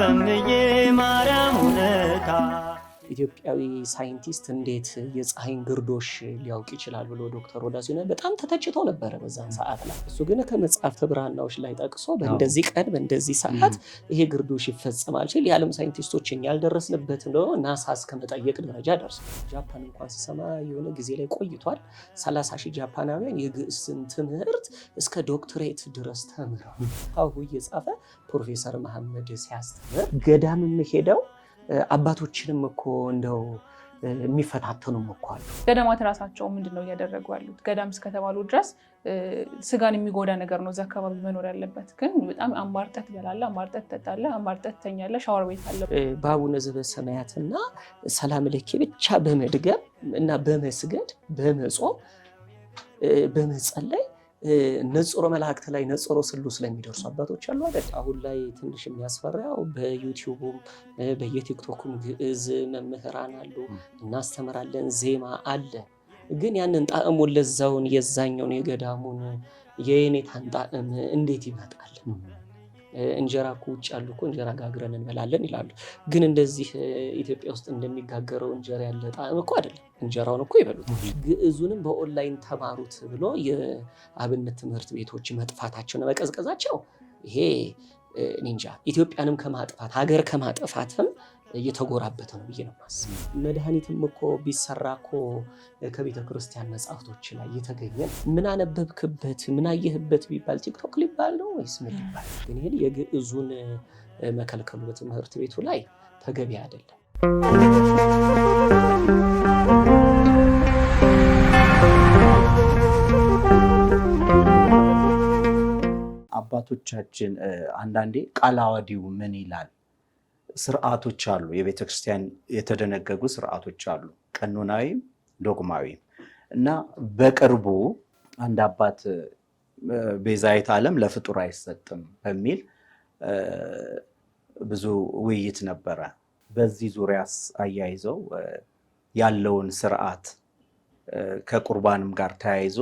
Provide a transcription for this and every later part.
በምዬ ማርያም ውለታ ኢትዮጵያዊ ሳይንቲስት እንዴት የፀሐይን ግርዶሽ ሊያውቅ ይችላል ብሎ ዶክተር ወዳ ሲሆነ በጣም ተተችቶ ነበረ በዛን ሰዓት ላይ። እሱ ግን ከመጽሐፍተ ብርሃናዎች ላይ ጠቅሶ በእንደዚህ ቀን በእንደዚህ ሰዓት ይሄ ግርዶሽ ይፈጸማል ሲል የዓለም ሳይንቲስቶች እኛ ያልደረስንበትን ደግሞ ናሳ እስከመጠየቅ ደረጃ ደርሶ ጃፓን እንኳን ሲሰማ የሆነ ጊዜ ላይ ቆይቷል። ሰላሳ ሺህ ጃፓናውያን የግዕዝን ትምህርት እስከ ዶክትሬት ድረስ ተምረው ሁ እየጻፈ ፕሮፌሰር መሐመድ ሲያስተምር ገዳም የምሄደው አባቶችንም እኮ እንደው የሚፈታተኑም እኮ አሉ። ገዳማት ራሳቸው ምንድን ነው እያደረጉ ያሉት? ገዳም እስከተባሉ ድረስ ስጋን የሚጎዳ ነገር ነው እዛ አካባቢ መኖር ያለበት። ግን በጣም አማርጠት ትበላለህ፣ አማርጠት ትጠጣለህ፣ አማርጠት ትተኛለህ፣ ሻወር ቤት አለ። በአቡነ ሰማያትና ሰላም ልኬ ብቻ በመድገም እና በመስገድ በመጾም በመጸለይ ነጽሮ መላእክት ላይ ነጽሮ ስሉስ ለሚደርሱ አባቶች አሉ አይደል? አሁን ላይ ትንሽ የሚያስፈራው በዩቲዩቡም በየቲክቶኩም ግዕዝ መምህራን አሉ፣ እናስተምራለን፣ ዜማ አለ። ግን ያንን ጣዕሙን ለዛውን የዛኛውን የገዳሙን የየኔታን ጣዕም እንዴት ይመጣል? እንጀራ እኮ ውጭ ያሉ እኮ እንጀራ ጋግረን እንበላለን ይላሉ። ግን እንደዚህ ኢትዮጵያ ውስጥ እንደሚጋገረው እንጀራ ያለ ጣዕም እኮ አይደለም። እንጀራውን እኮ ይበሉት፣ ግዕዙንም በኦንላይን ተማሩት ብሎ የአብነት ትምህርት ቤቶች መጥፋታቸውና መቀዝቀዛቸው ይሄ ኒንጃ ኢትዮጵያንም ከማጥፋት ሀገር ከማጥፋትም እየተጎራበተ ነው ብዬ ነው የማስበው። መድኃኒትም እኮ ቢሰራ እኮ ከቤተ ክርስቲያን መጽሐፍቶች ላይ እየተገኘ ምን አነበብክበት ምን አየህበት ቢባል ቲክቶክ ሊባል ነው ወይስ ምን ሊባል? ግን ይሄ የግዕዙን መከልከሉ በትምህርት ቤቱ ላይ ተገቢ አይደለም። አባቶቻችን አንዳንዴ ቃለ ምን ይላል? ስርዓቶች አሉ፣ የቤተክርስቲያን የተደነገጉ ስርዓቶች አሉ፣ ቀኖናዊም ዶግማዊም እና በቅርቡ አንድ አባት ቤዛይት ዓለም ለፍጡር አይሰጥም በሚል ብዙ ውይይት ነበረ። በዚህ ዙሪያ አያይዘው ያለውን ስርዓት ከቁርባንም ጋር ተያይዞ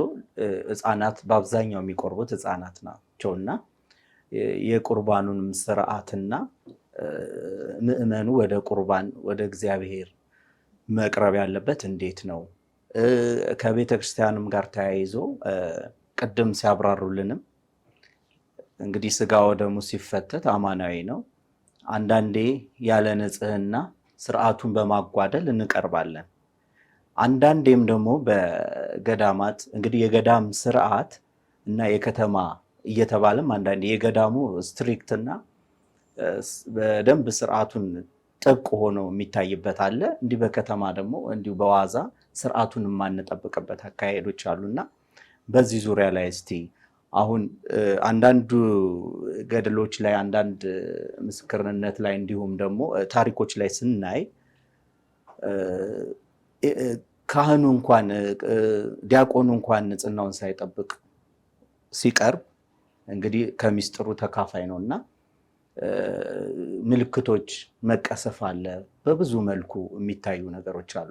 ህፃናት በአብዛኛው የሚቆርቡት ህፃናት ናቸውና የቁርባኑንም ስርዓትና ምዕመኑ ወደ ቁርባን ወደ እግዚአብሔር መቅረብ ያለበት እንዴት ነው? ከቤተ ክርስቲያንም ጋር ተያይዞ ቅድም ሲያብራሩልንም እንግዲህ ስጋ ወደሙ ሲፈተት አማናዊ ነው። አንዳንዴ ያለ ንጽህና ስርዓቱን በማጓደል እንቀርባለን። አንዳንዴም ደግሞ በገዳማት እንግዲህ የገዳም ስርዓት እና የከተማ እየተባለም አንዳንድ የገዳሙ ስትሪክትና በደንብ ስርዓቱን ጥብቅ ሆኖ የሚታይበት አለ። እንዲህ በከተማ ደግሞ እንዲሁ በዋዛ ስርዓቱን የማንጠብቅበት አካሄዶች አሉና በዚህ ዙሪያ ላይ እስቲ አሁን አንዳንዱ ገድሎች ላይ አንዳንድ ምስክርነት ላይ እንዲሁም ደግሞ ታሪኮች ላይ ስናይ ካህኑ እንኳን ዲያቆኑ እንኳን ንጽሕናውን ሳይጠብቅ ሲቀርብ እንግዲህ ከሚስጥሩ ተካፋይ ነው እና ምልክቶች፣ መቀሰፍ አለ፣ በብዙ መልኩ የሚታዩ ነገሮች አሉ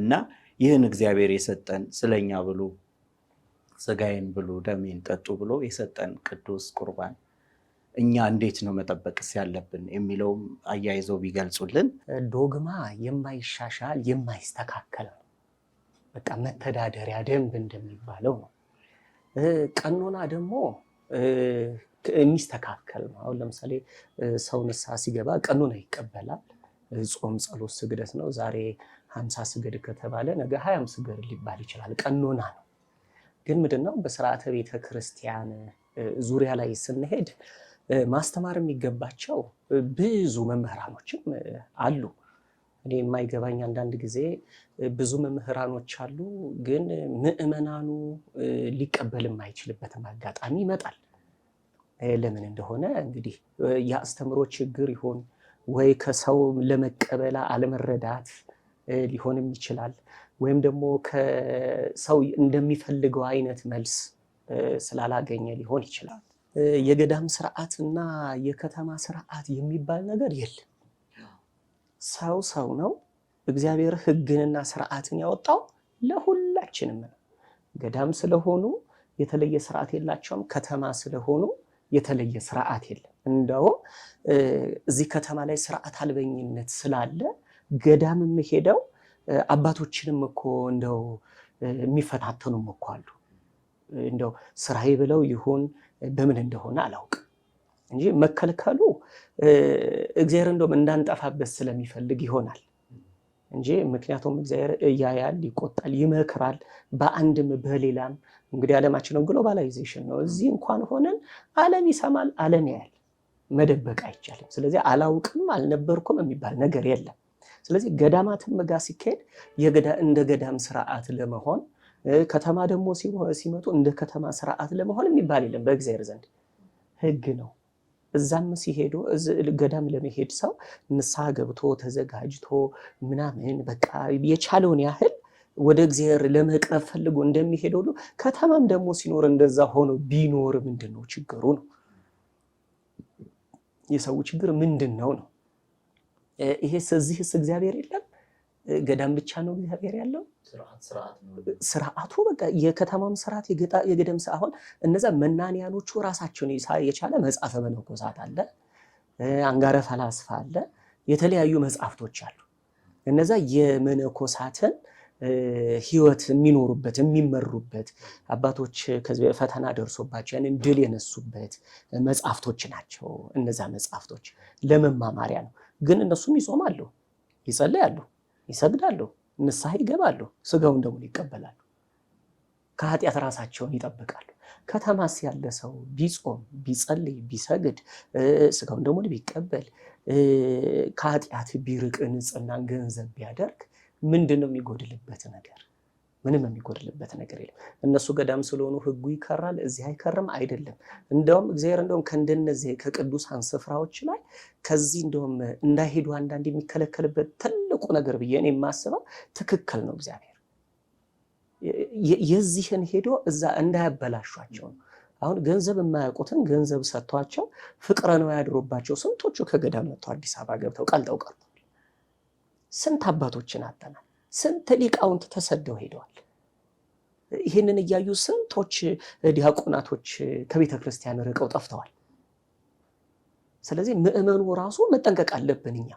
እና ይህን እግዚአብሔር የሰጠን ስለኛ ብሎ ስጋዬን ብሎ ደሜን ጠጡ ብሎ የሰጠን ቅዱስ ቁርባን እኛ እንዴት ነው መጠበቅስ ያለብን የሚለውም አያይዘው ቢገልጹልን። ዶግማ የማይሻሻል የማይስተካከል ነው። በቃ መተዳደሪያ ደንብ እንደሚባለው ነው። ቀኖና ደግሞ የሚስተካከል ነው። አሁን ለምሳሌ ሰው ንስሐ ሲገባ ቀኑን ይቀበላል። ጾም፣ ጸሎት፣ ስግደት ነው። ዛሬ ሀምሳ ስግድ ከተባለ ነገ ሀያም ስግድ ሊባል ይችላል። ቀኖና ነው። ግን ምንድነው በስርዓተ ቤተ ክርስቲያን ዙሪያ ላይ ስንሄድ ማስተማር የሚገባቸው ብዙ መምህራኖችም አሉ። እኔ የማይገባኝ አንዳንድ ጊዜ ብዙ መምህራኖች አሉ፣ ግን ምዕመናኑ ሊቀበል የማይችልበትም አጋጣሚ ይመጣል። ለምን እንደሆነ እንግዲህ የአስተምሮ ችግር ይሆን ወይ ከሰው ለመቀበል አለመረዳት ሊሆንም ይችላል። ወይም ደግሞ ከሰው እንደሚፈልገው አይነት መልስ ስላላገኘ ሊሆን ይችላል። የገዳም ስርዓትና የከተማ ስርዓት የሚባል ነገር የለም። ሰው ሰው ነው። እግዚአብሔር ሕግንና ስርዓትን ያወጣው ለሁላችንም ነው። ገዳም ስለሆኑ የተለየ ስርዓት የላቸውም። ከተማ ስለሆኑ የተለየ ስርዓት የለም። እንደውም እዚህ ከተማ ላይ ስርዓት አልበኝነት ስላለ ገዳም የምሄደው አባቶችንም እኮ እንደው የሚፈታተኑም እኮ አሉ። እንደው ስራዬ ብለው ይሁን በምን እንደሆነ አላውቅም እንጂ መከልከሉ እግዚአብሔር እንደውም እንዳንጠፋበት ስለሚፈልግ ይሆናል እንጂ ምክንያቱም እግዚአብሔር እያያል፣ ይቆጣል፣ ይመክራል በአንድም በሌላም። እንግዲህ ዓለማችን ግሎባላይዜሽን ነው። እዚህ እንኳን ሆነን ዓለም ይሰማል፣ ዓለም ያያል፣ መደበቅ አይቻልም። ስለዚህ አላውቅም አልነበርኩም የሚባል ነገር የለም። ስለዚህ ገዳማትም ጋር ሲካሄድ እንደ ገዳም ስርዓት ለመሆን ከተማ ደግሞ ሲመጡ እንደ ከተማ ስርዓት ለመሆን የሚባል የለም። በእግዚአብሔር ዘንድ ህግ ነው። እዛም ሲሄዱ ገዳም ለመሄድ ሰው ንስሐ ገብቶ ተዘጋጅቶ ምናምን በቃ የቻለውን ያህል ወደ እግዚአብሔር ለመቅረብ ፈልጎ እንደሚሄደው ሁሉ ከተማም ደግሞ ሲኖር እንደዛ ሆኖ ቢኖር ምንድን ነው ችግሩ? ነው የሰው ችግር ምንድን ነው ነው ይሄ እዚህስ እግዚአብሔር የለም ገዳም ብቻ ነው እግዚአብሔር ያለው ስርዓቱ። በቃ የከተማም ስርዓት የገዳም አሁን እነዛ መናንያኖቹ ራሳቸውን የቻለ መጽሐፈ መነኮሳት አለ፣ አንጋረ ፈላስፋ አለ፣ የተለያዩ መጽሐፍቶች አሉ። እነዛ የመነኮሳትን ህይወት የሚኖሩበት የሚመሩበት አባቶች ከዚህ ፈተና ደርሶባቸው ያንን ድል የነሱበት መጽሐፍቶች ናቸው። እነዛ መጽሐፍቶች ለመማማሪያ ነው። ግን እነሱም ይጾማሉ፣ ይጸለያሉ ይሰግዳሉ፣ ንስሐ ይገባሉ፣ ስጋውን ደግሞ ይቀበላሉ። ከኃጢአት ራሳቸውን ይጠብቃሉ። ከተማስ ያለ ሰው ቢጾም፣ ቢጸልይ፣ ቢሰግድ፣ ስጋውን ደግሞ ቢቀበል፣ ከኃጢአት ቢርቅ፣ ንጽህናን ገንዘብ ቢያደርግ ምንድን ነው የሚጎድልበት ነገር? ምንም የሚጎድልበት ነገር የለም። እነሱ ገዳም ስለሆኑ ህጉ ይከራል፣ እዚህ አይከርም አይደለም። እንደውም እግዚአብሔር እንደውም ከእንደነዚህ ከቅዱሳን ስፍራዎች ላይ ከዚህ እንደውም እንዳይሄዱ አንዳንድ የሚከለከልበት ትልቁ ነገር ብዬ እኔ የማስበው ትክክል ነው። እግዚአብሔር የዚህን ሄዶ እዛ እንዳያበላሿቸው ነው። አሁን ገንዘብ የማያውቁትን ገንዘብ ሰጥቷቸው ፍቅረ ነው ያድሮባቸው ስንቶቹ ከገዳም መጥተው አዲስ አበባ ገብተው ቀልጠው ቀርተዋል። ስንት አባቶችን አጠናል። ስንት ሊቃውንት ተሰደው ሄደዋል። ይህንን እያዩ ስንቶች ዲያቆናቶች ከቤተ ክርስቲያን ርቀው ጠፍተዋል። ስለዚህ ምዕመኑ ራሱ መጠንቀቅ አለብን። እኛ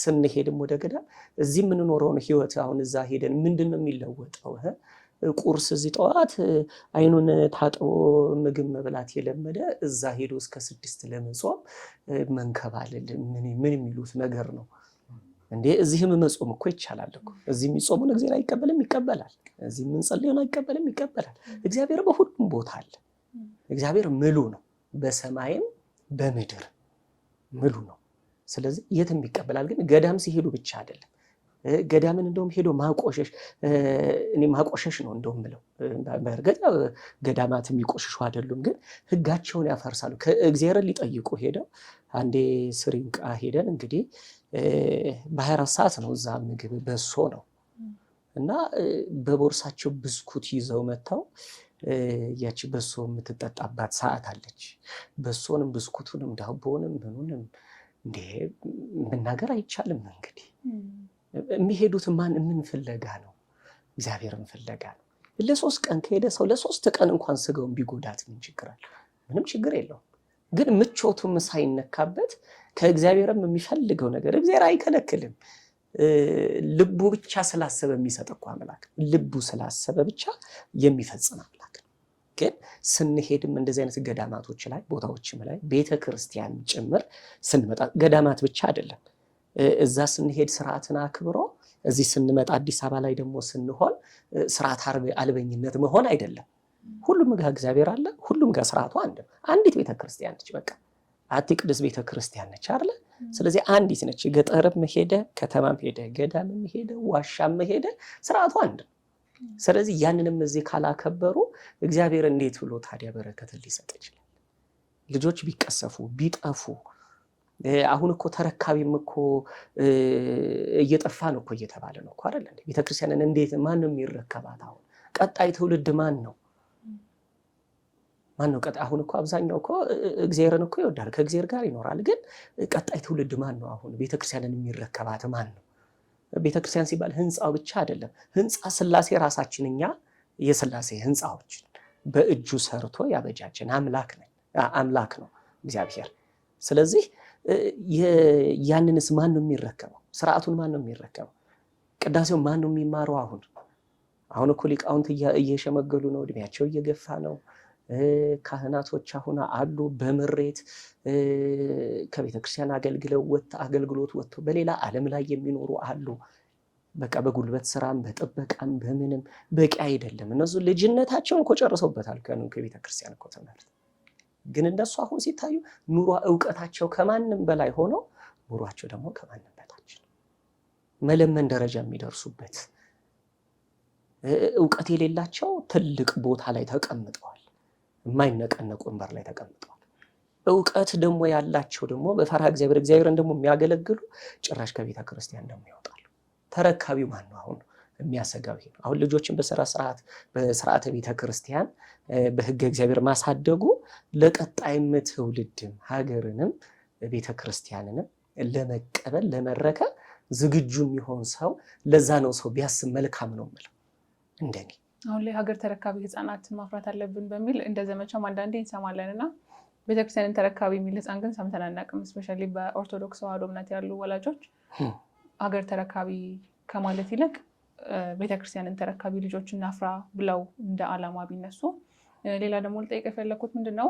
ስንሄድም ወደ ገዳም እዚህ የምንኖረውን ህይወት አሁን እዛ ሄደን ምንድን ነው የሚለወጠው? ቁርስ እዚህ ጠዋት አይኑን ታጥቦ ምግብ መብላት የለመደ እዛ ሄዶ እስከ ስድስት ለመጾም መንከባለል ምን የሚሉት ነገር ነው? እንዴ እዚህም መጾም እኮ ይቻላል እኮ እዚህ የሚጾሙን እግዚአብሔር አይቀበልም? ይቀበላል። እዚህ የምንጸልየውን አይቀበልም? ይቀበላል። እግዚአብሔር በሁሉም ቦታ አለ። እግዚአብሔር ምሉ ነው፣ በሰማይም በምድር ምሉ ነው። ስለዚህ የትም ይቀበላል። ግን ገዳም ሲሄዱ ብቻ አይደለም። ገዳምን እንደውም ሄዶ ማቆሸሽ እኔ ማቆሸሽ ነው እንደውም ብለው በእርግጥ ገዳማት የሚቆሽሹ አይደሉም፣ ግን ህጋቸውን ያፈርሳሉ። ከእግዚአብሔር ሊጠይቁ ሄደው አንዴ ስሪንቃ ሄደን እንግዲህ በሀያ አራት ሰዓት ነው እዛ ምግብ በሶ ነው እና በቦርሳቸው ብስኩት ይዘው መጥተው ያቺ በሶ የምትጠጣባት ሰዓት አለች። በሶንም ብስኩቱንም ዳቦንም ምኑንም እንዴ መናገር አይቻልም። እንግዲህ የሚሄዱት ማን ምን ፍለጋ ነው? እግዚአብሔርን ፍለጋ ነው። ለሶስት ቀን ከሄደ ሰው ለሶስት ቀን እንኳን ስጋውን ቢጎዳት ምን ችግር አለ? ምንም ችግር የለውም። ግን ምቾቱም ሳይነካበት ከእግዚአብሔርም የሚፈልገው ነገር እግዚአብሔር አይከለክልም። ልቡ ብቻ ስላሰበ የሚሰጥ እኮ አምላክ ልቡ ስላሰበ ብቻ የሚፈጽም አምላክ ነው። ግን ስንሄድም እንደዚህ አይነት ገዳማቶች ላይ ቦታዎችም ላይ ቤተ ክርስቲያን ጭምር ስንመጣ ገዳማት ብቻ አይደለም። እዛ ስንሄድ ስርዓትን አክብሮ እዚህ ስንመጣ አዲስ አበባ ላይ ደግሞ ስንሆን ስርዓት አልበኝነት መሆን አይደለም። ሁሉም ጋር እግዚአብሔር አለ። ሁሉም ጋር ስርዓቱ አንድ ነው። አንዲት ቤተክርስቲያን ነች። በቃ አቲ ቅዱስ ቤተክርስቲያን ነች አለ። ስለዚህ አንዲት ነች። ገጠርም ሄደ ከተማም ሄደ ገዳምም ሄደ ዋሻም ሄደ ስርዓቱ አንድ ነው። ስለዚህ ያንንም እዚህ ካላከበሩ እግዚአብሔር እንዴት ብሎ ታዲያ በረከትን ሊሰጥ ይችላል? ልጆች ቢቀሰፉ ቢጠፉ አሁን እኮ ተረካቢም እኮ እየጠፋ ነው እኮ እየተባለ ነው እኮ አይደለ? ቤተክርስቲያንን እንዴት ማን ነው የሚረከባት? አሁን ቀጣይ ትውልድ ማን ነው? ነው ቀጣይ? አሁን እኮ አብዛኛው እኮ እግዚአብሔርን እኮ ይወዳል፣ ከእግዚአብሔር ጋር ይኖራል። ግን ቀጣይ ትውልድ ማን ነው? አሁን ቤተክርስቲያንን የሚረከባት ማን ነው? ቤተክርስቲያን ሲባል ህንፃው ብቻ አይደለም። ህንፃ ስላሴ ራሳችን እኛ የስላሴ ህንፃዎች በእጁ ሰርቶ ያበጃችን አምላክ ነን፣ አምላክ ነው እግዚአብሔር። ስለዚህ ያንንስ ማን ነው የሚረከበው? ስርዓቱን ማን ነው የሚረከበው? ቅዳሴው ማን ነው የሚማረው? አሁን አሁን እኮ ሊቃውንት እየሸመገሉ ነው፣ እድሜያቸው እየገፋ ነው። ካህናቶች አሁን አሉ በምሬት ከቤተ ክርስቲያን አገልግለው አገልግሎት ወጥተው በሌላ ዓለም ላይ የሚኖሩ አሉ። በቃ በጉልበት ስራም በጥበቃም በምንም በቂ አይደለም። እነሱ ልጅነታቸውን እኮ ጨርሰውበታል ከቤተ ክርስቲያን እኮ ትምህርት። ግን እነሱ አሁን ሲታዩ ኑሮ እውቀታቸው ከማንም በላይ ሆነው ኑሯቸው ደግሞ ከማንም በታች መለመን ደረጃ የሚደርሱበት እውቀት የሌላቸው ትልቅ ቦታ ላይ ተቀምጠዋል። የማይነቀነቅ ወንበር ላይ ተቀምጠዋል። እውቀት ደግሞ ያላቸው ደግሞ በፈርሃ እግዚአብሔር እግዚአብሔርን ደግሞ የሚያገለግሉ ጭራሽ ከቤተ ክርስቲያን ደግሞ ያወጣሉ። ተረካቢው ማን ነው? አሁን የሚያሰጋው ይሄ ነው። አሁን ልጆችን በስራ ስርዓት በስርዓተ ቤተ ክርስቲያን በህገ እግዚአብሔር ማሳደጉ ለቀጣይም ትውልድም ሀገርንም ቤተ ክርስቲያንንም ለመቀበል ለመረከብ ዝግጁ የሚሆን ሰው ለዛ ነው ሰው ቢያስብ መልካም ነው የምለው እንደኔ አሁን ላይ ሀገር ተረካቢ ህጻናት ማፍራት አለብን በሚል እንደ ዘመቻም አንዳንዴ እንሰማለን እና ቤተክርስቲያንን ተረካቢ የሚል ህፃን ግን ሰምተን አናውቅም። እስፔሻሊ በኦርቶዶክስ ተዋህዶ እምነት ያሉ ወላጆች ሀገር ተረካቢ ከማለት ይልቅ ቤተክርስቲያንን ተረካቢ ልጆች እናፍራ ብለው እንደ አላማ ቢነሱ። ሌላ ደግሞ ልጠይቅ የፈለግኩት ምንድን ነው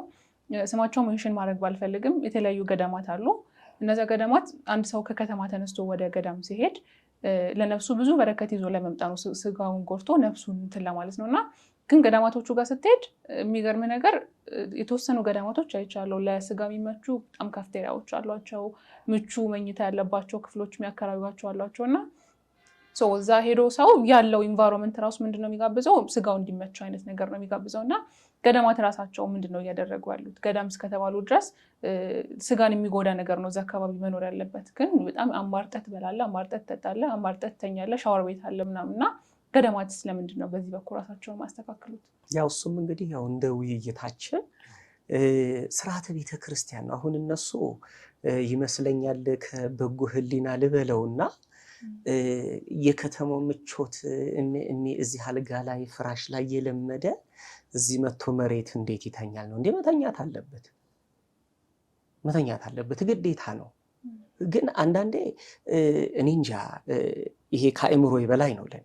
ስማቸው ሜንሽን ማድረግ ባልፈልግም የተለያዩ ገዳማት አሉ። እነዚያ ገዳማት አንድ ሰው ከከተማ ተነስቶ ወደ ገዳም ሲሄድ ለነፍሱ ብዙ በረከት ይዞ ለመምጣ ነው። ስጋውን ጎርቶ ነፍሱን እንትን ለማለት ነው እና ግን ገዳማቶቹ ጋር ስትሄድ የሚገርም ነገር የተወሰኑ ገዳማቶች አይቻለሁ። ለስጋ የሚመቹ በጣም ካፍቴሪያዎች አሏቸው፣ ምቹ መኝታ ያለባቸው ክፍሎች የሚያከራዩቸው አሏቸው እና እዛ ሄዶ ሰው ያለው ኢንቫይሮንመንት ራሱ ምንድን ነው የሚጋብዘው ስጋው እንዲመቸው አይነት ነገር ነው የሚጋብዘው እና ገዳማት ራሳቸው ምንድን ነው እያደረጉ ያሉት? ገዳም እስከተባሉ ድረስ ስጋን የሚጎዳ ነገር ነው እዛ አካባቢ መኖር ያለበት። ግን በጣም አማርጠት ትበላለህ፣ አማርጠት ትጠጣለህ፣ አማርጠት ትተኛለህ፣ ሻወር ቤት አለ ምናምን እና ገዳማት ስለምንድን ነው በዚህ በኩል ራሳቸውን ማስተካከሉት? ያው እሱም እንግዲህ ያው እንደ ውይይታችን ስርዓተ ቤተ ክርስቲያን ነው። አሁን እነሱ ይመስለኛል ከበጎ ልበለው ልበለውና የከተማው ምቾት እዚህ አልጋ ላይ ፍራሽ ላይ የለመደ እዚህ መጥቶ መሬት እንዴት ይተኛል ነው እንዴ? መተኛት አለበት፣ መተኛት አለበት ግዴታ ነው። ግን አንዳንዴ እኔ እንጃ ይሄ ከአእምሮ በላይ ነው ለኔ።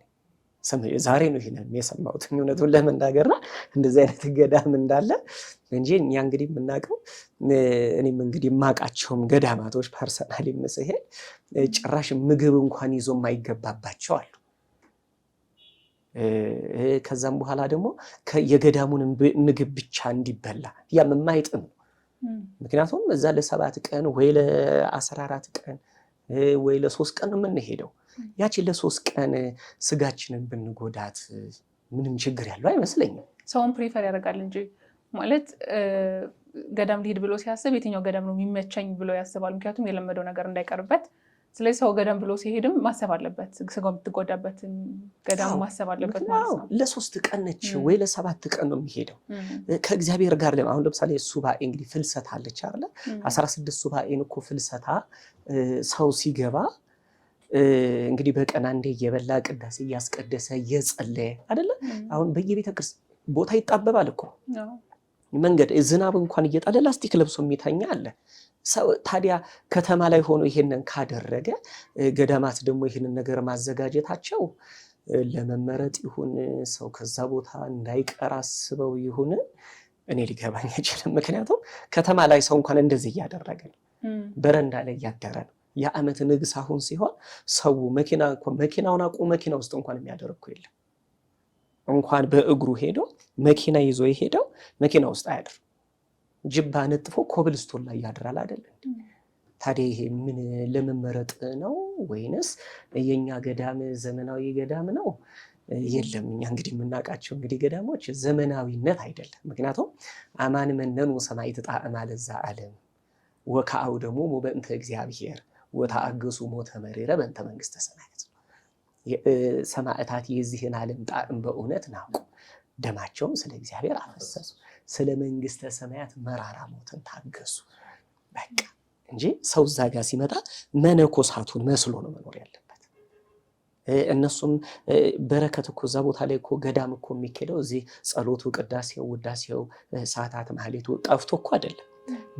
ዛሬ ነው ይሄን የሰማሁት እውነቱን ለመናገር እና እንደዚህ አይነት ገዳም እንዳለ እንጂ እኛ እንግዲህ የምናውቀው እኔም እንግዲህ የማውቃቸውም ገዳማቶች ፐርሰናል ምስሄድ ጭራሽ ምግብ እንኳን ይዞ የማይገባባቸው አሉ። ከዛም በኋላ ደግሞ የገዳሙን ምግብ ብቻ እንዲበላ ያም የማይጥም ምክንያቱም እዛ ለሰባት ቀን ወይ ለአስራ አራት ቀን ወይ ለሶስት ቀን የምንሄደው ያችን ለሶስት ቀን ስጋችንን ብንጎዳት ምንም ችግር ያለው አይመስለኝም። ሰውን ፕሪፈር ያደርጋል እንጂ ማለት ገዳም ሊሄድ ብሎ ሲያስብ የትኛው ገዳም ነው የሚመቸኝ ብሎ ያስባል። ምክንያቱም የለመደው ነገር እንዳይቀርበት ስለዚህ ሰው ገዳም ብሎ ሲሄድም ማሰብ አለበት፣ ስጋ የምትጎዳበትን ገዳም ማሰብ አለበት። ማለት ለሶስት ቀን ነች ወይ ለሰባት ቀን ነው የሚሄደው ከእግዚአብሔር ጋር። ለም አሁን ለምሳሌ ሱባኤ እንግዲህ ፍልሰታ አለች አለ አስራ ስድስት ሱባኤን እኮ ፍልሰታ ሰው ሲገባ እንግዲህ በቀን አንዴ እየበላ ቅዳሴ እያስቀደሰ እየጸለየ አደለ አሁን በየቤተ ክርስቲያን ቦታ ይጣበባል እኮ መንገድ ዝናብ እንኳን እየጣለ ላስቲክ ለብሶ የሚተኛ አለ። ሰው ታዲያ ከተማ ላይ ሆኖ ይሄንን ካደረገ ገዳማት ደግሞ ይህንን ነገር ማዘጋጀታቸው ለመመረጥ ይሁን ሰው ከዛ ቦታ እንዳይቀር አስበው ይሁን እኔ ሊገባኝ አይችልም። ምክንያቱም ከተማ ላይ ሰው እንኳን እንደዚህ እያደረገ ነው፣ በረንዳ ላይ እያደረ ነው። የዓመት ንግስ አሁን ሲሆን ሰው መኪና መኪናውን አቁ መኪና ውስጥ እንኳን የሚያደርግ የለም። እንኳን በእግሩ ሄዶ መኪና ይዞ የሄደው መኪና ውስጥ አያድር፣ ጅባ ነጥፎ ኮብልስቶን ላይ ያድራል አይደል? ታዲያ ይሄ ምን ለመመረጥ ነው? ወይንስ የኛ ገዳም ዘመናዊ ገዳም ነው? የለም እኛ እንግዲህ የምናውቃቸው እንግዲህ ገዳሞች ዘመናዊነት አይደለም። ምክንያቱም አማን መነኑ ሰማዕት ጣዕማ ለዛ ዓለም ወከአው ደግሞ በእንተ እግዚአብሔር ወታአገሱ ሞተ መሬረ በእንተ መንግስተ ሰማያት ሰማዕታት የዚህን ዓለም ጣዕም በእውነት ናቁ፣ ደማቸውም ስለ እግዚአብሔር አፈሰሱ፣ ስለ መንግስተ ሰማያት መራራ ሞትን ታገሱ። በቃ እንጂ ሰው እዛ ጋር ሲመጣ መነኮሳቱን መስሎ ነው መኖር ያለበት። እነሱም በረከት እኮ እዛ ቦታ ላይ እኮ ገዳም እኮ የሚኬደው እዚህ ጸሎቱ፣ ቅዳሴው፣ ውዳሴው፣ ሰዓታት፣ ማህሌቱ ጠፍቶ እኮ አይደለም።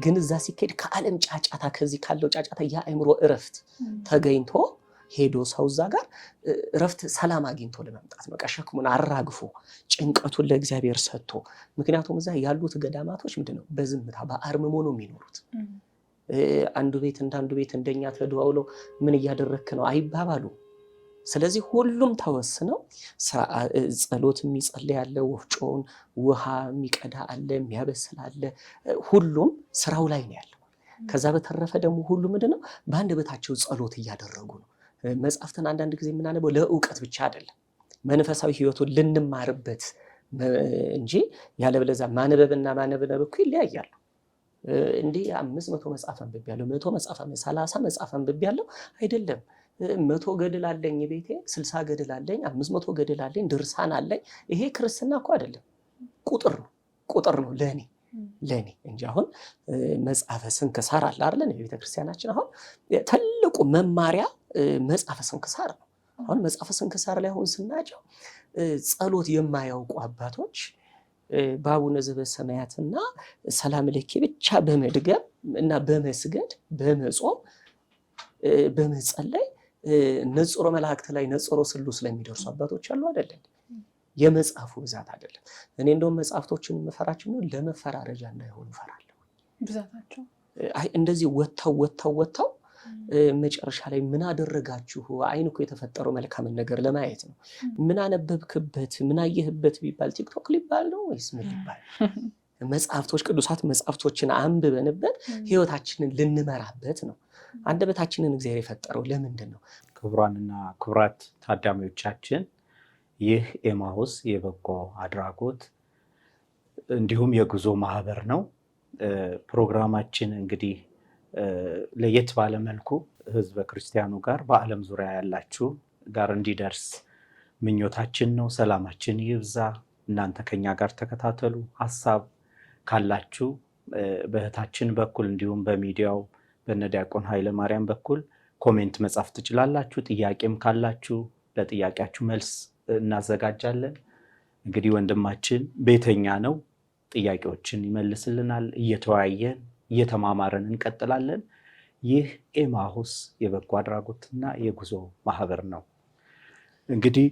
ግን እዛ ሲካሄድ ከዓለም ጫጫታ ከዚህ ካለው ጫጫታ የአእምሮ እረፍት ተገኝቶ ሄዶ ሰው እዛ ጋር እረፍት ሰላም አግኝቶ ለመምጣት በቃ ሸክሙን አራግፎ ጭንቀቱን ለእግዚአብሔር ሰጥቶ፣ ምክንያቱም እዛ ያሉት ገዳማቶች ምንድነው በዝምታ በአርምሞ ነው የሚኖሩት። አንዱ ቤት እንደ አንዱ ቤት እንደኛ ተደዋውለው ምን እያደረክ ነው አይባባሉ። ስለዚህ ሁሉም ተወስነው ጸሎት የሚጸልይ አለ፣ ወፍጮውን ውሃ የሚቀዳ አለ፣ የሚያበስል አለ። ሁሉም ስራው ላይ ነው ያለው። ከዛ በተረፈ ደግሞ ሁሉ ምንድነው በአንድ ቤታቸው ጸሎት እያደረጉ ነው። መጽሐፍትን አንዳንድ ጊዜ የምናነበው ለእውቀት ብቻ አይደለም፣ መንፈሳዊ ህይወቱን ልንማርበት እንጂ ያለበለዛ ማንበብና ማንበብ እኮ ይለያያሉ። እንዲህ አምስት መቶ መጽሐፍ ያለው መቶ መጽሐፍ፣ ሰላሳ መጽሐፍ ያለው አይደለም። መቶ ገድል አለኝ ቤቴ፣ ስልሳ ገድል አለኝ፣ አምስት መቶ ገድል አለኝ፣ ድርሳን አለኝ። ይሄ ክርስትና እኮ አይደለም፣ ቁጥር ነው፣ ቁጥር ነው ለእኔ ለእኔ እንጂ አሁን መጽሐፈ ስንክሳር አለ አይደል? ቤተክርስቲያናችን አሁን ትልቁ መማሪያ መጽሐፈ ስንክሳር ነው። አሁን መጽሐፈ ስንክሳር ላይ አሁን ስናጨው ጸሎት የማያውቁ አባቶች በአቡነ ዘበሰማያትና ሰላም ለኬ ብቻ በመድገም እና በመስገድ በመጾም በመጸለይ ነጽሮ መላእክት ላይ ነጽሮ ስሉስ ስለሚደርሱ አባቶች አሉ አይደለም። የመጽሐፉ ብዛት አይደለም። እኔ እንደውም መጽሐፍቶችን የምፈራቸው ነው ለመፈራረጃ እንዳይሆኑ እፈራለሁ። ብዛታቸው እንደዚህ ወጥተው ወጥተው ወጥተው መጨረሻ ላይ ምን አደረጋችሁ? አይን እኮ የተፈጠረው መልካምን ነገር ለማየት ነው። ምን አነበብክበት፣ ምን አየህበት ቢባል ቲክቶክ ሊባል ነው ወይስ ምን ሊባል? መጽሐፍቶች፣ ቅዱሳት መጽሐፍቶችን አንብበንበት ህይወታችንን ልንመራበት ነው። አንደበታችንን እግዚአብሔር የፈጠረው ለምንድን ነው? ክቡራንና ክቡራት ታዳሚዎቻችን ይህ ኤማሁስ የበጎ አድራጎት እንዲሁም የጉዞ ማህበር ነው። ፕሮግራማችን እንግዲህ ለየት ባለመልኩ ህዝበ ክርስቲያኑ ጋር በዓለም ዙሪያ ያላችሁ ጋር እንዲደርስ ምኞታችን ነው። ሰላማችን ይብዛ። እናንተ ከኛ ጋር ተከታተሉ። ሀሳብ ካላችሁ በእህታችን በኩል እንዲሁም በሚዲያው በነዲያቆን ኃይለ ማርያም በኩል ኮሜንት መጻፍ ትችላላችሁ። ጥያቄም ካላችሁ ለጥያቄያችሁ መልስ እናዘጋጃለን። እንግዲህ ወንድማችን ቤተኛ ነው፣ ጥያቄዎችን ይመልስልናል። እየተወያየን እየተማማርን እንቀጥላለን። ይህ ኤማሁስ የበጎ አድራጎትና የጉዞ ማህበር ነው። እንግዲህ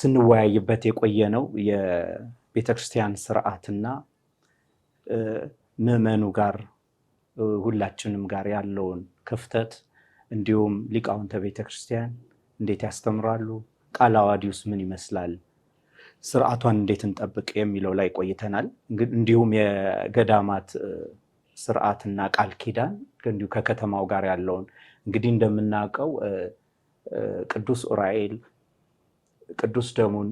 ስንወያይበት የቆየ ነው የቤተክርስቲያን ስርዓትና ምዕመኑ ጋር ሁላችንም ጋር ያለውን ክፍተት እንዲሁም ሊቃውንተ ቤተክርስቲያን እንዴት ያስተምራሉ፣ ቃለ ዓዋዲውስ ምን ይመስላል፣ ስርዓቷን እንዴት እንጠብቅ የሚለው ላይ ቆይተናል። እንዲሁም የገዳማት ስርዓትና ቃል ኪዳን እንዲሁ ከከተማው ጋር ያለውን እንግዲህ እንደምናውቀው ቅዱስ ዑራኤል ቅዱስ ደሙን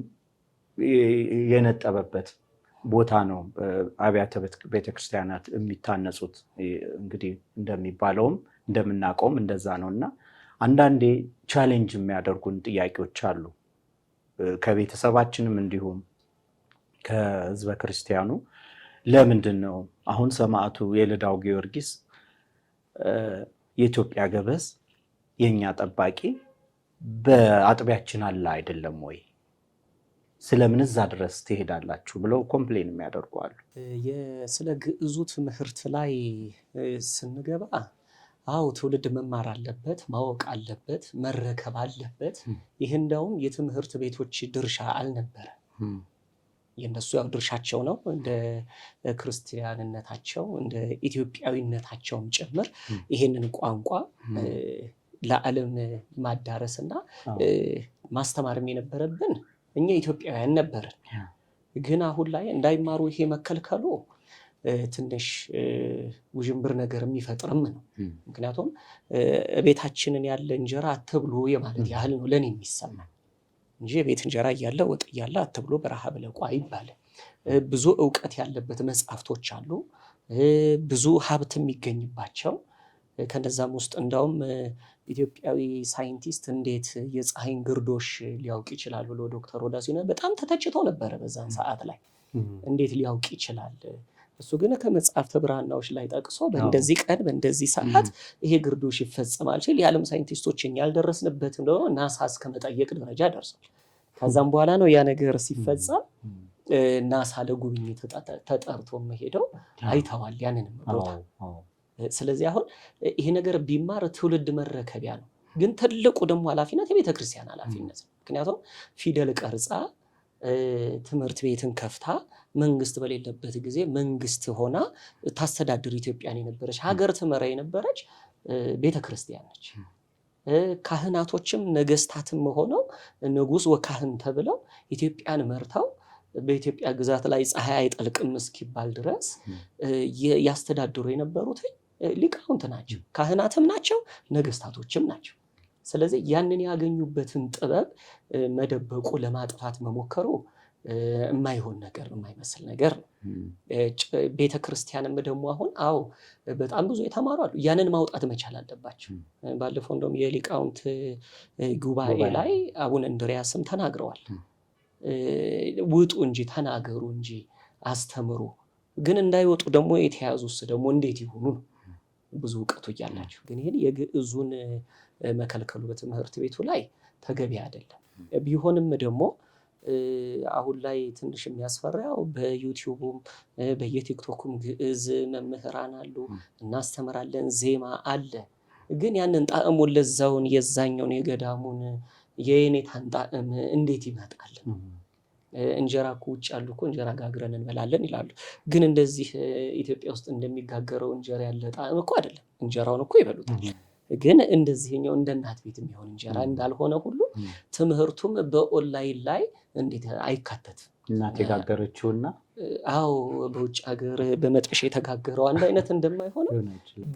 የነጠበበት ቦታ ነው አብያተ ቤተክርስቲያናት የሚታነጹት። እንግዲህ እንደሚባለውም እንደምናውቀውም እንደዛ ነው እና አንዳንዴ ቻሌንጅ የሚያደርጉን ጥያቄዎች አሉ ከቤተሰባችንም እንዲሁም ከህዝበ ክርስቲያኑ ለምንድን ነው አሁን ሰማዕቱ የልዳው ጊዮርጊስ የኢትዮጵያ ገበዝ የእኛ ጠባቂ በአጥቢያችን አለ አይደለም ወይ? ስለምን እዛ ድረስ ትሄዳላችሁ ብለው ኮምፕሌን የሚያደርጉ አሉ። ስለ ግዕዙ ትምህርት ላይ ስንገባ አው ትውልድ መማር አለበት፣ ማወቅ አለበት፣ መረከብ አለበት። ይህ እንደውም የትምህርት ቤቶች ድርሻ አልነበረ የእነሱ ያው ድርሻቸው ነው። እንደ ክርስቲያንነታቸው እንደ ኢትዮጵያዊነታቸውም ጭምር ይሄንን ቋንቋ ለዓለም እና ማስተማርም የነበረብን እኛ ኢትዮጵያውያን ነበርን። ግን አሁን ላይ እንዳይማሩ ይሄ መከልከሉ ትንሽ ውዥንብር ነገር የሚፈጥርም ነው። ምክንያቱም ቤታችንን ያለ እንጀራ አትብሉ የማለት ያህል ነው ለእኔ የሚሰማ። እንጂ የቤት እንጀራ እያለ ወጥ እያለ አትብሎ በረሃብ ለቋ ይባላል። ብዙ እውቀት ያለበት መጽሐፍቶች አሉ፣ ብዙ ሀብት የሚገኝባቸው ከነዛም ውስጥ እንዳውም ኢትዮጵያዊ ሳይንቲስት እንዴት የፀሐይን ግርዶሽ ሊያውቅ ይችላል ብሎ ዶክተር ሮዳስ በጣም ተተችቶ ነበረ በዛን ሰዓት ላይ እንዴት ሊያውቅ ይችላል እሱ ግን ከመጽሐፍተ ብራናዎች ላይ ጠቅሶ በእንደዚህ ቀን በእንደዚህ ሰዓት ይሄ ግርዶሽ ይፈጸማል ሲል የዓለም ሳይንቲስቶች እኛ ያልደረስንበትም ደግሞ ናሳ እስከመጠየቅ ደረጃ ደርሷል። ከዛም በኋላ ነው ያ ነገር ሲፈጸም ናሳ ለጉብኝት ተጠርቶ መሄደው አይተዋል ያንንም ቦታ። ስለዚህ አሁን ይሄ ነገር ቢማር ትውልድ መረከቢያ ነው። ግን ትልቁ ደግሞ ኃላፊነት የቤተክርስቲያን ኃላፊነት ነው። ምክንያቱም ፊደል ቀርጻ ትምህርት ቤትን ከፍታ መንግስት በሌለበት ጊዜ መንግስት ሆና ታስተዳድር ኢትዮጵያን የነበረች ሀገር ትመራ የነበረች ቤተክርስቲያን ነች። ካህናቶችም ነገስታትም ሆነው ንጉስ ወካህን ተብለው ኢትዮጵያን መርተው በኢትዮጵያ ግዛት ላይ ፀሐይ አይጠልቅም እስኪባል ድረስ ያስተዳድሩ የነበሩት ሊቃውንት ናቸው፣ ካህናትም ናቸው፣ ነገስታቶችም ናቸው። ስለዚህ ያንን ያገኙበትን ጥበብ መደበቁ ለማጥፋት መሞከሩ የማይሆን ነገር የማይመስል ነገር ቤተ ክርስቲያንም ደግሞ አሁን አዎ በጣም ብዙ የተማሩ አሉ። ያንን ማውጣት መቻል አለባቸው። ባለፈው እንደውም የሊቃውንት ጉባኤ ላይ አቡነ እንድሪያስም ተናግረዋል። ውጡ እንጂ ተናገሩ እንጂ አስተምሩ፣ ግን እንዳይወጡ ደግሞ የተያዙስ ደግሞ እንዴት ይሆኑ ነው ብዙ እውቀቱ እያላቸው ግን ይህን የግዕዙን መከልከሉ በትምህርት ቤቱ ላይ ተገቢ አይደለም። ቢሆንም ደግሞ አሁን ላይ ትንሽ የሚያስፈራው በዩቲዩቡም በየቲክቶኩም ግዕዝ መምህራን አሉ፣ እናስተምራለን፣ ዜማ አለ። ግን ያንን ጣዕሙን ለዛውን የዛኛውን የገዳሙን የየኔታን ጣዕም እንዴት ይመጣል? እንጀራ እኮ ውጭ ያሉ እኮ እንጀራ ጋግረን እንበላለን ይላሉ። ግን እንደዚህ ኢትዮጵያ ውስጥ እንደሚጋገረው እንጀራ ያለ ጣዕም እኮ አይደለም። እንጀራውን እኮ ይበሉታል። ግን እንደዚህኛው እንደ እናት ቤት የሚሆን እንጀራ እንዳልሆነ ሁሉ ትምህርቱም በኦንላይን ላይ እንዴት አይካተትም። እናት የጋገረችውና አዎ በውጭ ሀገር በመጥበሻ የተጋገረው አንድ አይነት እንደማይሆነ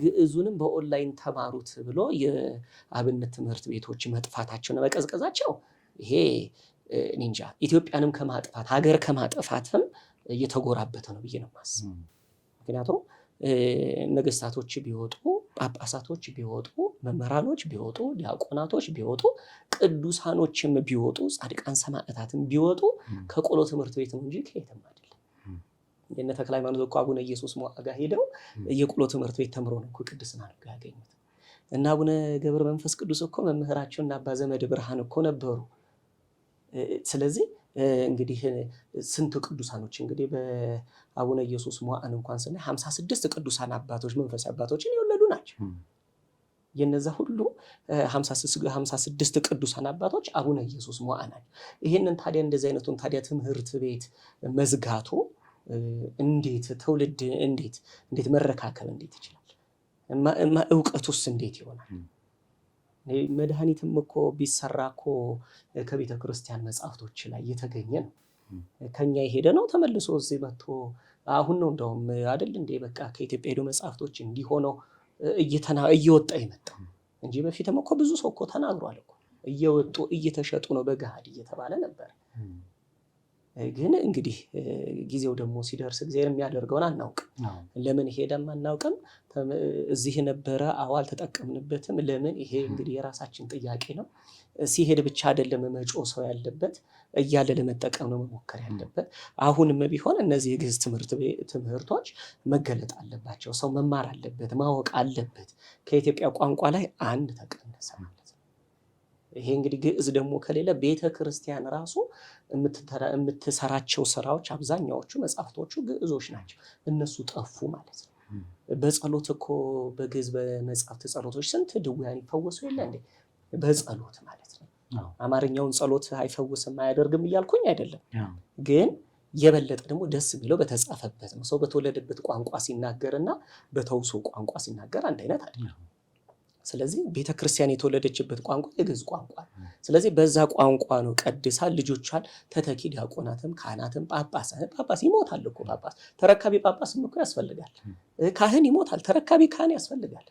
ግዕዙንም በኦንላይን ተማሩት ብሎ የአብነት ትምህርት ቤቶች መጥፋታቸውና መቀዝቀዛቸው ይሄ ኒንጃ ኢትዮጵያንም ከማጥፋት ሀገር ከማጥፋትም እየተጎራበተ ነው ብዬ ነው ማስብ ምክንያቱም ነገስታቶች ቢወጡ፣ ጳጳሳቶች ቢወጡ፣ መምህራኖች ቢወጡ፣ ዲያቆናቶች ቢወጡ፣ ቅዱሳኖችም ቢወጡ፣ ጻድቃን ሰማዕታትም ቢወጡ ከቆሎ ትምህርት ቤት ነው እንጂ ከየትም አይደለም። የእነ ተክለ ሃይማኖት እኮ አቡነ ኢየሱስ ሞዐ ጋ ሄደው የቆሎ ትምህርት ቤት ተምሮ ነው እኮ ቅድስና ነው ያገኙት። እና አቡነ ገብረ መንፈስ ቅዱስ እኮ መምህራቸውና አባ ዘመድ ብርሃን እኮ ነበሩ። ስለዚህ እንግዲህ ስንት ቅዱሳኖች እንግዲህ በአቡነ ኢየሱስ መዋዕን እንኳን ስናይ ሀምሳ ስድስት ቅዱሳን አባቶች መንፈሳዊ አባቶችን የወለዱ ናቸው። የነዛ ሁሉ ሀምሳ ስድስት ቅዱሳን አባቶች አቡነ ኢየሱስ መዋዕን ናቸው። ይህንን ታዲያ እንደዚህ አይነቱን ታዲያ ትምህርት ቤት መዝጋቱ እንዴት ትውልድ እንዴት እንዴት መረካከብ እንዴት ይችላል? እውቀቱስ እንዴት ይሆናል? መድኃኒትም እኮ ቢሰራ እኮ ከቤተ ክርስቲያን መጽሐፍቶች ላይ የተገኘ ነው። ከኛ የሄደ ነው ተመልሶ እዚህ መጥቶ አሁን ነው እንደውም አደል እንዴ በቃ ከኢትዮጵያ ሄዶ መጽሐፍቶች እንዲሆነው እየወጣ የመጣው እንጂ በፊትም እኮ ብዙ ሰው እኮ ተናግሯል እኮ እየወጡ እየተሸጡ ነው በገሃድ እየተባለ ነበር። ግን እንግዲህ ጊዜው ደግሞ ሲደርስ እግዚአብሔር የሚያደርገውን አናውቅም። ለምን ሄደም አናውቅም። እዚህ ነበረ አዎ፣ አልተጠቀምንበትም። ለምን ይሄ እንግዲህ የራሳችን ጥያቄ ነው። ሲሄድ ብቻ አይደለም መጮ ሰው ያለበት እያለ ለመጠቀም ነው መሞከር ያለበት። አሁንም ቢሆን እነዚህ የግዕዝ ትምህርቶች መገለጥ አለባቸው። ሰው መማር አለበት፣ ማወቅ አለበት። ከኢትዮጵያ ቋንቋ ላይ አንድ ተቀነሰ ይሄ እንግዲህ ግዕዝ ደግሞ ከሌለ ቤተ ክርስቲያን ራሱ የምትሰራቸው ስራዎች አብዛኛዎቹ መጽሐፍቶቹ ግዕዞች ናቸው። እነሱ ጠፉ ማለት ነው። በጸሎት እኮ በግዕዝ በመጽሐፍት ጸሎቶች ስንት ድውያን ይፈወሱ የለ እንዴ? በጸሎት ማለት ነው። አማርኛውን ጸሎት አይፈውስም አያደርግም እያልኩኝ አይደለም፣ ግን የበለጠ ደግሞ ደስ የሚለው በተጻፈበት ነው። ሰው በተወለደበት ቋንቋ ሲናገርና በተውሶ ቋንቋ ሲናገር አንድ አይነት አይደለም። ስለዚህ ቤተ ክርስቲያን የተወለደችበት ቋንቋ የግዕዝ ቋንቋ ነው። ስለዚህ በዛ ቋንቋ ነው ቀድሳ ልጆቿን ተተኪ ዲያቆናትም ካህናትም ጳጳስ ጳጳስ ይሞታል እኮ ጳጳስ ተረካቢ ጳጳስ እኮ ያስፈልጋል። ካህን ይሞታል፣ ተረካቢ ካህን ያስፈልጋል።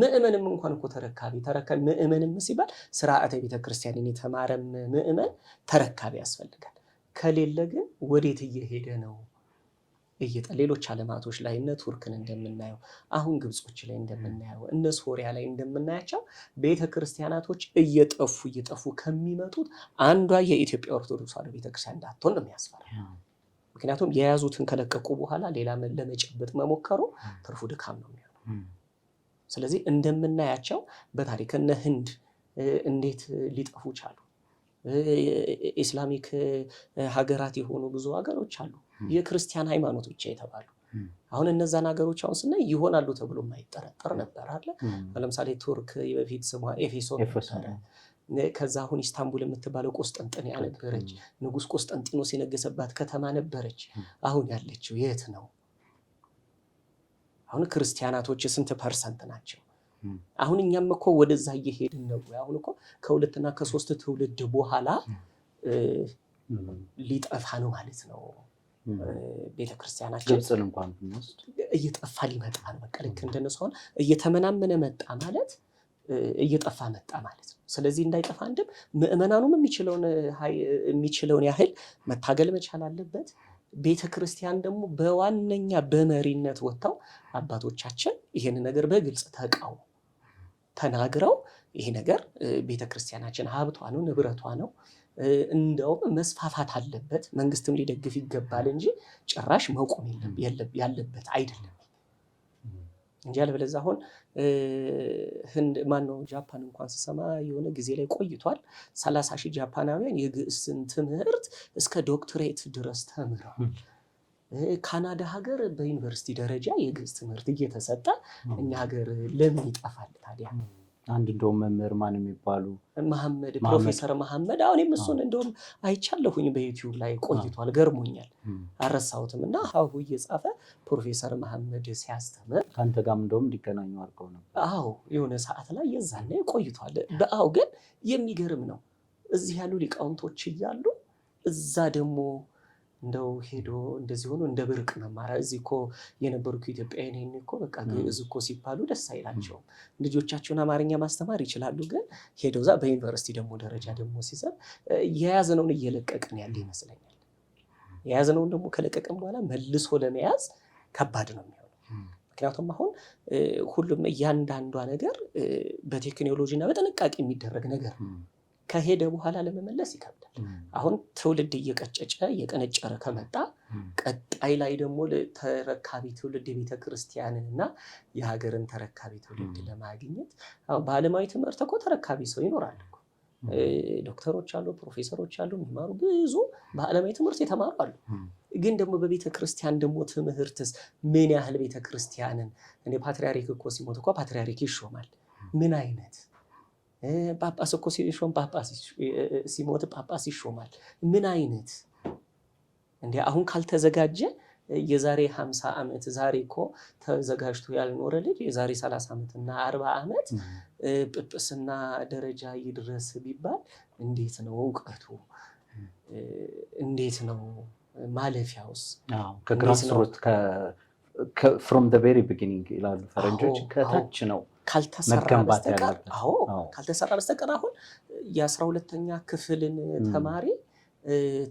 ምእመንም እንኳን እኮ ተረካቢ ተረካቢ ምእመንም ሲባል ስርዓተ ቤተ ክርስቲያንን የተማረ ምእመን ተረካቢ ያስፈልጋል። ከሌለ ግን ወዴት እየሄደ ነው? ሌሎች አለማቶች ላይ እነ ቱርክን እንደምናየው አሁን ግብጾች ላይ እንደምናየው እነ ሶሪያ ላይ እንደምናያቸው ቤተ ክርስቲያናቶች እየጠፉ እየጠፉ ከሚመጡት አንዷ የኢትዮጵያ ኦርቶዶክስ ተዋሕዶ ቤተክርስቲያን እንዳትሆን ነው የሚያስፈራ። ምክንያቱም የያዙትን ከለቀቁ በኋላ ሌላ ለመጨበጥ መሞከሩ ትርፉ ድካም ነው የሚሆነው። ስለዚህ እንደምናያቸው በታሪክ እነ ህንድ እንዴት ሊጠፉ ቻሉ? ኢስላሚክ ሀገራት የሆኑ ብዙ ሀገሮች አሉ፣ የክርስቲያን ሃይማኖት ብቻ የተባሉ አሁን እነዛን ሀገሮች አሁን ስናይ ይሆናሉ ተብሎ የማይጠረጠር ነበር አለ። ለምሳሌ ቱርክ የበፊት ስሟ ኤፌሶ ነበረ። ከዛ አሁን ኢስታንቡል የምትባለው ቆስጠንጥንያ ነበረች፣ ንጉስ ቆስጠንጢኖስ የነገሰባት ከተማ ነበረች። አሁን ያለችው የት ነው? አሁን ክርስቲያናቶች ስንት ፐርሰንት ናቸው? አሁን እኛም እኮ ወደዛ እየሄድን ነው። አሁን እኮ ከሁለትና ከሶስት ትውልድ በኋላ ሊጠፋ ነው ማለት ነው። ቤተክርስቲያናችን እየጠፋ ሊመጣ ነው። በቃ ልክ እንደነሱ አሁን እየተመናመነ መጣ ማለት እየጠፋ መጣ ማለት ነው። ስለዚህ እንዳይጠፋ አንድም ምዕመናኑም የሚችለውን ያህል መታገል መቻል አለበት። ቤተ ክርስቲያን ደግሞ በዋነኛ በመሪነት ወጥተው አባቶቻችን ይህን ነገር በግልጽ ተቃውሞ ተናግረው ይሄ ነገር ቤተ ክርስቲያናችን ሀብቷ ነው፣ ንብረቷ ነው፣ እንደውም መስፋፋት አለበት፣ መንግስትም ሊደግፍ ይገባል እንጂ ጭራሽ መቆም ያለበት አይደለም እንጂ አለበለዛ አሁን ህንድ ማነው ጃፓን እንኳን ስሰማ የሆነ ጊዜ ላይ ቆይቷል። ሰላሳ ሺህ ጃፓናውያን የግዕዝን ትምህርት እስከ ዶክትሬት ድረስ ተምረዋል። ካናዳ ሀገር በዩኒቨርሲቲ ደረጃ የግዕዝ ትምህርት እየተሰጠ እኛ ሀገር ለምን ይጠፋል ታዲያ? አንድ እንደውም መምህር ማን የሚባሉ መሐመድ ፕሮፌሰር መሐመድ አሁን እሱን እንደውም አይቻለሁኝ በዩቲዩብ ላይ ቆይቷል፣ ገርሞኛል፣ አረሳሁትም እና ሀሁ እየጻፈ ፕሮፌሰር መሐመድ ሲያስተምር ከአንተ ጋም እንደውም እንዲገናኙ አድርገው ነበር። አዎ የሆነ ሰዓት ላይ የዛን ቆይቷል። በአው ግን የሚገርም ነው እዚህ ያሉ ሊቃውንቶች እያሉ እዛ ደግሞ እንደው ሄዶ እንደዚህ ሆኖ እንደ ብርቅ መማር እዚህ እኮ የነበሩት ኢትዮጵያውያን ይሄን እኮ በቃ ግዕዝ እኮ ሲባሉ ደስ አይላቸውም። ልጆቻቸውን አማርኛ ማስተማር ይችላሉ፣ ግን ሄደው እዛ በዩኒቨርሲቲ ደግሞ ደረጃ ደግሞ ሲሰብ የያዝነውን እየለቀቅን ያለ ይመስለኛል። የያዝነውን ደግሞ ከለቀቅን በኋላ መልሶ ለመያዝ ከባድ ነው የሚሆነው። ምክንያቱም አሁን ሁሉም እያንዳንዷ ነገር በቴክኖሎጂ እና በጥንቃቄ የሚደረግ ነገር ከሄደ በኋላ ለመመለስ ይከብዳል። አሁን ትውልድ እየቀጨጨ እየቀነጨረ ከመጣ ቀጣይ ላይ ደግሞ ተረካቢ ትውልድ የቤተ ክርስቲያንን እና የሀገርን ተረካቢ ትውልድ ለማግኘት በዓለማዊ ትምህርት እኮ ተረካቢ ሰው ይኖራል። ዶክተሮች አሉ፣ ፕሮፌሰሮች አሉ፣ የሚማሩ ብዙ በዓለማዊ ትምህርት የተማሩ አሉ። ግን ደግሞ በቤተ ክርስቲያን ደግሞ ትምህርትስ ምን ያህል ቤተ ክርስቲያንን እ ፓትሪያርክ እኮ ሲሞት እኮ ፓትሪያርክ ይሾማል። ምን አይነት ጳጳስ እኮ ሲሾም ጳጳስ ሲሞት ጳጳስ ይሾማል። ምን አይነት እንዲ አሁን ካልተዘጋጀ የዛሬ 50 ዓመት ዛሬ እኮ ተዘጋጅቶ ያልኖረ ልጅ የዛሬ 30 ዓመት እና 40 ዓመት ጵጵስና ደረጃ ይድረስ ቢባል እንዴት ነው እውቀቱ? እንዴት ነው ማለፊያውስ? ከግራስሮት ፍሮም ቬሪ ቢጊኒንግ ይላሉ ፈረንጆች፣ ከታች ነው ካልተሰራ በስተቀር አዎ ካልተሰራ በስተቀር አሁን የአስራ ሁለተኛ ክፍልን ተማሪ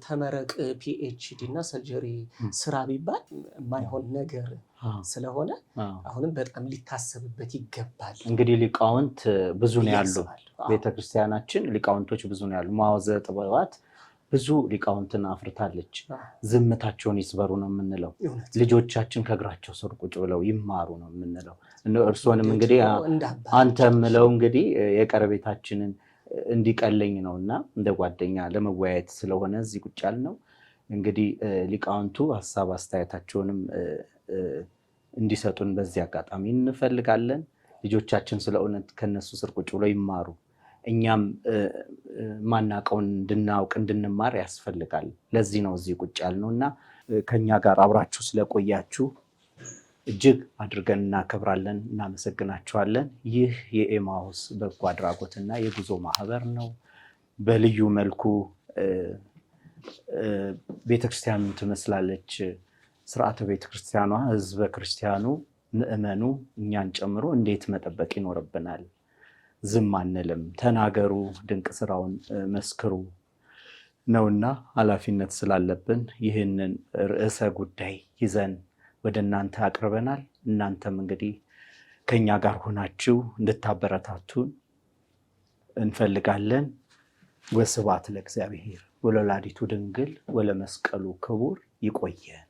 ተመረቅ ፒኤችዲ እና ሰርጀሪ ስራ ቢባል የማይሆን ነገር ስለሆነ አሁንም በጣም ሊታሰብበት ይገባል። እንግዲህ ሊቃውንት ብዙ ነው ያሉ፣ ቤተክርስቲያናችን ሊቃውንቶች ብዙ ነው ያሉ፣ ጥበባት ብዙ ሊቃውንትን አፍርታለች። ዝምታቸውን ይስበሩ ነው የምንለው። ልጆቻችን ከእግራቸው ስር ቁጭ ብለው ይማሩ ነው የምንለው። እርስዎንም እንግዲህ አንተ ምለው እንግዲህ የቀረቤታችንን እንዲቀለኝ ነው እና እንደ ጓደኛ ለመወያየት ስለሆነ እዚህ ቁጭ ያልነው እንግዲህ ሊቃውንቱ ሀሳብ አስተያየታቸውንም እንዲሰጡን በዚህ አጋጣሚ እንፈልጋለን። ልጆቻችን ስለ እውነት ከነሱ ስር ቁጭ ብለው ይማሩ። እኛም ማናቀውን እንድናውቅ እንድንማር ያስፈልጋል። ለዚህ ነው እዚህ ቁጭ ያልነው እና ከኛ ጋር አብራችሁ ስለቆያችሁ እጅግ አድርገን እናከብራለን፣ እናመሰግናችኋለን። ይህ የኤማሁስ በጎ አድራጎትና የጉዞ ማህበር ነው። በልዩ መልኩ ቤተክርስቲያን ትመስላለች። ስርዓተ ቤተክርስቲያኗ ህዝበ ክርስቲያኑ ምዕመኑ እኛን ጨምሮ እንዴት መጠበቅ ይኖርብናል? ዝም አንልም፣ ተናገሩ፣ ድንቅ ስራውን መስክሩ ነውና ኃላፊነት ስላለብን ይህንን ርዕሰ ጉዳይ ይዘን ወደ እናንተ አቅርበናል። እናንተም እንግዲህ ከኛ ጋር ሆናችሁ እንድታበረታቱን እንፈልጋለን። ወስብሐት ለእግዚአብሔር ወለወላዲቱ ድንግል ወለመስቀሉ ክቡር። ይቆየን።